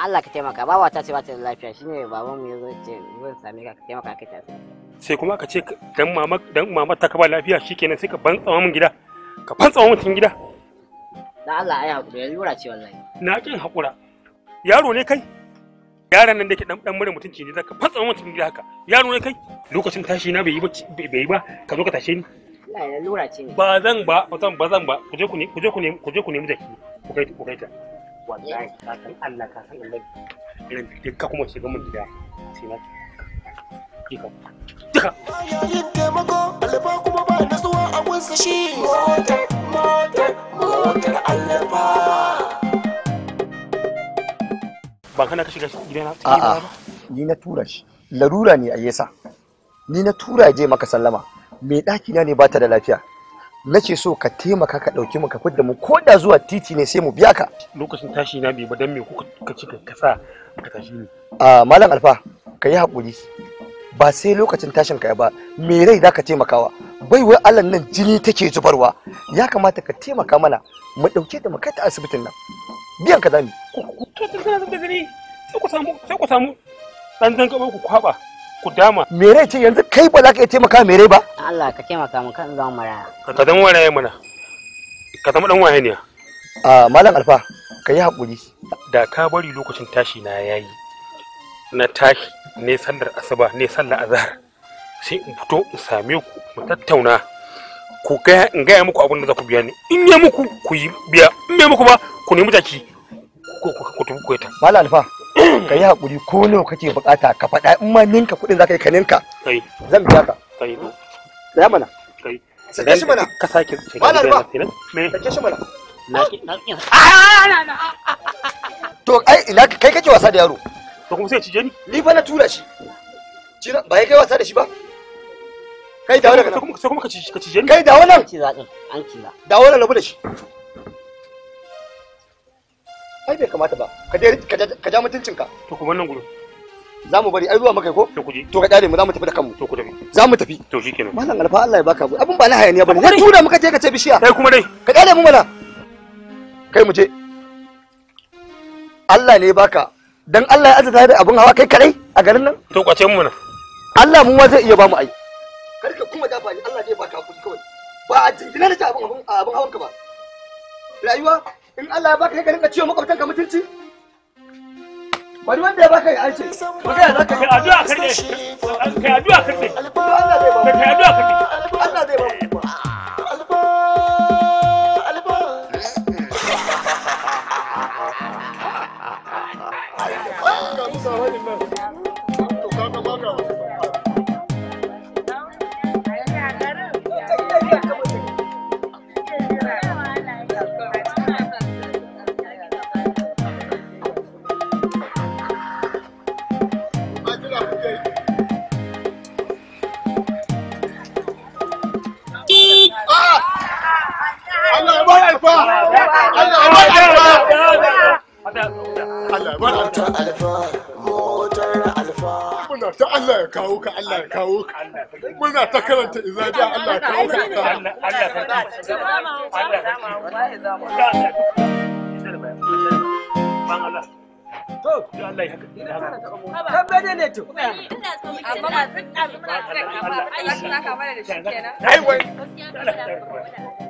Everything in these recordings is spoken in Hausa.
Allah ka taimaka bawa ta ce ba lafiya shine baban mu yazo ce zan same ka ka taimaka ka tafi sai kuma ka ce dan mama dan mama ta ka ba lafiya shikenan sai ka ban tsawa mun gida ka ban mun gida yaro ne kai yaran nan da ke dan dan mutunci ne zaka gida haka yaro ne kai lokacin tashi bai yi ba ka zo ka tashe ni Allah lura ce ne. Ba zan ba, ba zan ba zan ba. Ku je ku ne, ku je ku nemi ku je ku nemi jaki. Ku kai ku kai ta. Wallahi ka san Allah ka san Allah. Irin duk ka kuma shiga mun gida. Sai na ki ka. ya Yayin taimako alfa kuma ba nasuwa a gunsa shi. Motar motar motar alfa. Ban kana ka shiga gidana? A'a. Ni na tura shi. Larura ne a yasa. Ni na tura je maka sallama. mai ɗaki na ne bata da lafiya nake so ka taimaka ka ɗauki mu ka fidda mu ko da zuwa titi ne sai mu biya ka lokacin tashi na bai ba dan me kuka ci ka sa ka tashi ni a malam alfa ka yi hakuri ba sai lokacin tashin ka ba me rai za ka taimakawa bai wai allan nan jini take zubarwa ya kamata ka taimaka mana mu ɗauke da mu kai ta asibitin nan biyan ka zami sai ku samu ɗan ko ku kwaba ku dama me rai ce yanzu kai ba za ka iya taimaka me rai ba Allah ka taimaka mu kan zama maraya ka zama waraye mana ka zama dan wahaniya a malam alfa ka yi haƙuri da ka bari lokacin tashi na yayi na tashi ne sallar asuba ne sallar azhar sai in fito in same ku mu tattauna ku ga in gaya muku abin da za ku biya ni in ne muku ku yi biya in ne muku ba ku nemi jaki ku tafi ku ta malam alfa ka yi haƙuri ko nawa kake bukata ka faɗa in ma ninka kuɗin za ka yi ka ninka zan biya ka da mana sake shi mana ka sake mana ruwa sake shi mana to ai ina kai kake wasa da yaro to kuma sai cije ni ni fa na tura shi ba kai wasa da shi ba kai dawo nan sai kuma ka cije ni kai dawo nan an kiza dawo nan rabu da shi ai bai kamata ba ka ja mutuncinka to kuma nan gurin za mu bari ai zuwa maka ko to ka dare mu za mu tafi da kanmu to ku tafi za mu tafi to shikenan mallan alfa Allah ya baka abun ba na hayaniya bane ne tura muka je ka ce bishiya kai kuma dai ka dare mu mana kai mu je Allah ne baka dan Allah ya azata da abun hawa kai kadai a garin nan to kwace mu mana Allah mu ma zai iya ba mu ai karka kuma dafa ni Allah ne baka kuɗi kawai ba a jinjina da abun abun hawan ka ba rayuwa in Allah ya baka kai ka rinka ciwo ka mutunci bari wanda ya baka ya ce baka ya zaka kai addu'a karbe yi addu'a karbe Allah zai addu'a karbe Allah zai ba Alba Alba Mota Muna ta Allah ya kawo ka, Allah ya kawo ka. Allah ya kawo ka. Allah ya kawo ka. Allah ya ka ka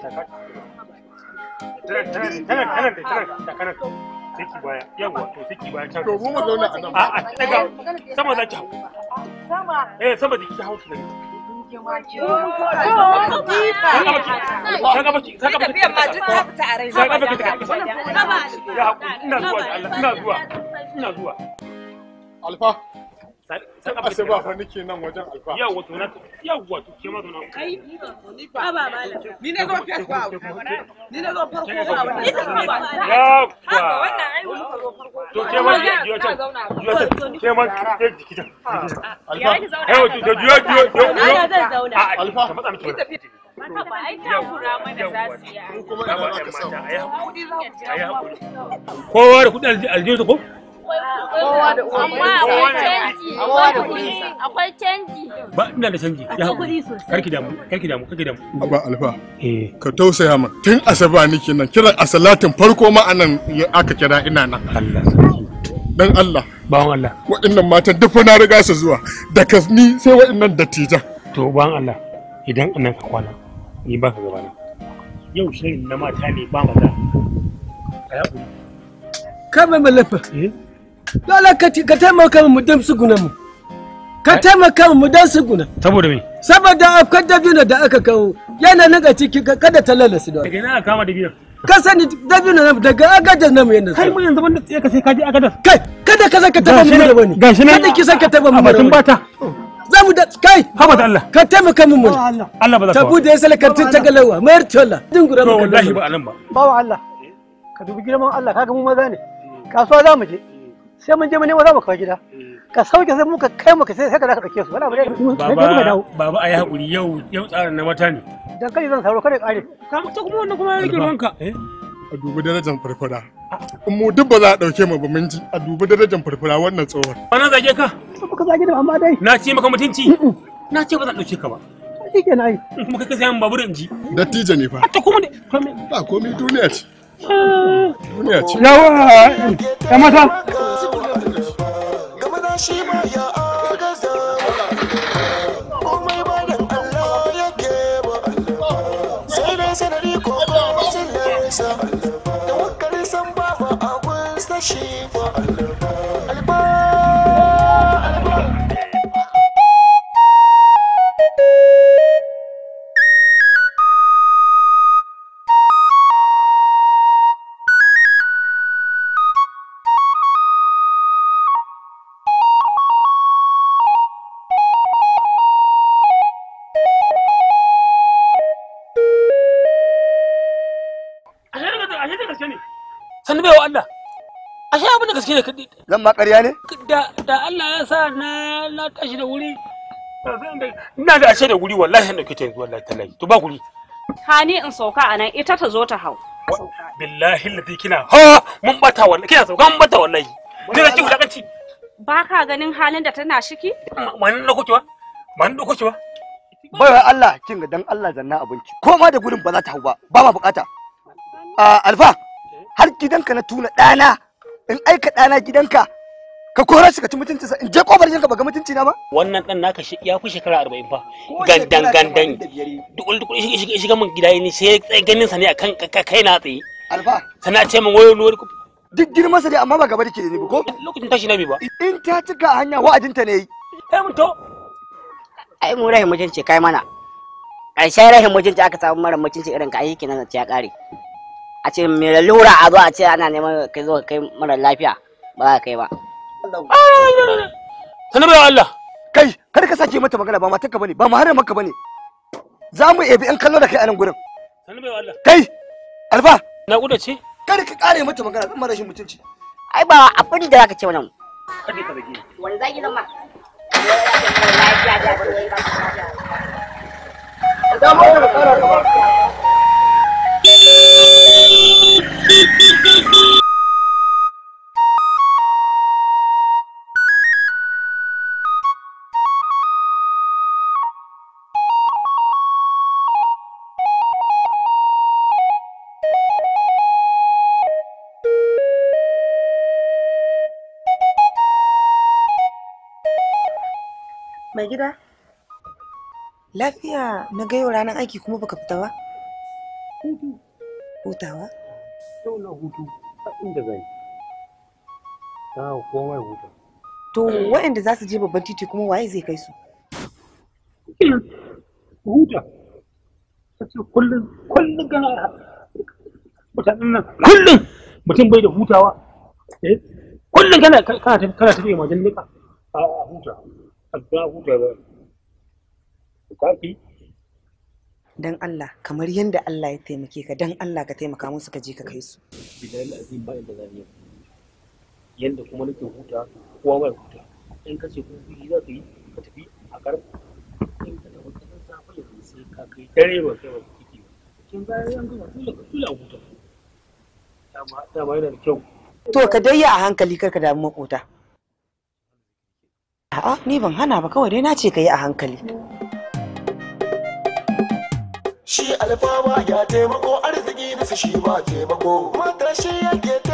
saki baya yawa baya can a sama hau sama eh sama jiki hau daga Alfa. tun asuba fa na yawa ni ba ba ni ne a ni ne ba Kowa da kudin aljihunsa ko? akwai canji ba ina da canji ya hakuri karki damu damu karki ba alfa eh. ka tausaya ma. tun asaba nake nan kiran asalatin farko ma anan aka kira ina nan Allah dan Allah bawan Allah waɗannan matan duk na riga su zuwa daga ni sai waɗannan dattijan to bawan Allah idan anan ka kwana ni ba ka gabana yau shirin na mata ne ba maza ka yaƙuri ka mai malafa eh? Dole ka taimaka mu don su guna mu. Ka taimaka mu don su guna. Saboda me? Saboda akwai dabino da aka kawo yana nan a ciki kada ta lalace da. Daga ina aka kama dabino? Ka sani dabino na daga agadar namu yana. Kai mu yanzu banda tsaye ka sai ka je agadar. Kai kada ka saka taba mu da wani. Gashi nan. Kada ki saka taba mu da wani. bata. Za mu da kai. Haba da Allah. Ka taimaka mu mun. Allah ba za ka. Tabu da ya salakantin ta galawa. Mayar tola. Dingura mu. To wallahi ba anan ba. Bawa Allah. Ka dubi girman Allah kaga mu maza ne. Kasuwa za mu je. sai mun je mun nemo za mu kawo gida eh. ka sauke sai muka kai muka sai ka zaka dauke su wala ba baba baba ayi hakuri yau yau tsarin na mata ne dan kai zan sauro kada kare ka mutu kuma wannan kuma yake eh a dubi darajar farfara in mu duk ba za a dauke mu ba mun ji a dubi darajar farfara wannan tsohon wannan zage ka muka zage da amma dai na ce maka mutunci na ce ba zan dauke ka ba shi na yi. kuma kai ka sayan babur in ji dattijo ne fa ta kuma ne ba komai duniya ce Yawa, ‘yan mata, sannu bai wa Allah ashe abin da gaske ne kadi zan ma ƙarya ne da da Allah ya sa na na tashi da wuri ina da ashe da wuri wallahi an dauke ta yanzu wallahi tallahi to ba kuri hani in sauka anan ita ta zo ta hau billahi lati kina ha mun bata wallahi kina sauka mun bata wallahi kina ki wulakanci ba ka ganin halin da tana shiki manin na kuke ba manin da kuke ba bai Allah kin ga dan Allah zanna abinci ko ma da gurin ba za ta hau ba ba ma bukata alfa har gidanka na tuna ɗana in aika ɗana gidanka ka kora shi ka ci mutunci sa in je kofar gidanka ba ga mutunci na ba wannan dan naka ya ku shekara 40 fa gandan gandan shi shi shi gaman gida ni, sai ganin sa ne akan kai na tsaye alfa sana ce min wayo nuwar duk girman sa dai amma ba gaba dake da ni ba ko lokacin tashi na bi ba in ta cika hanya wa'adinta ne yi ai mun to ai mu rahin mutunci kai mana sai rahin mutunci aka samu mara mutunci irin ka kenan na ya kare a ce mai lalura a zo a ce ana neman kai zo kai mara lafiya ba za kai ba Allah kai kada ka sake mata magana ba matanka bane ba maharar maka bane za mu ebi in kallo da kai a nan gurin Allah kai alfa na kuda ce Kada ka kare mata magana zan mara shi mutunci ai ba abin da zaka ce wannan kada ka rage wani zama? ma lafiya da lafiya da ba. Mai gida? Lafiya na ga yau ranar aiki kuma baka fita ba? Hutawa? yau na hutu a inda zai ta to waɗanda za su je babban titi kuma waye zai kai su huta kullum kullum gana mutanen nan kullum mutum bai da hutawa eh? kullum kana kana kana majalika a huta a huta ba dan Allah kamar yadda Allah ya taimake ka dan Allah ka taimaka musu ka je ka kai su bilahi azim zan yi yanda kuma nake huta kowa bai huta in ka ce kuma za ka yi ka tafi a karfi in ka tafi ka san safa ya sai ka kai dare ba kai ba kike kin ga yan gama tula ka tula huta dama yana da kyau to ka dai a hankali kar ka damu makota a'a ni ban hana ba kawai dai na ce ka yi a hankali shi alfawa ya taimako arziki bisa shi ba taimako matashi yake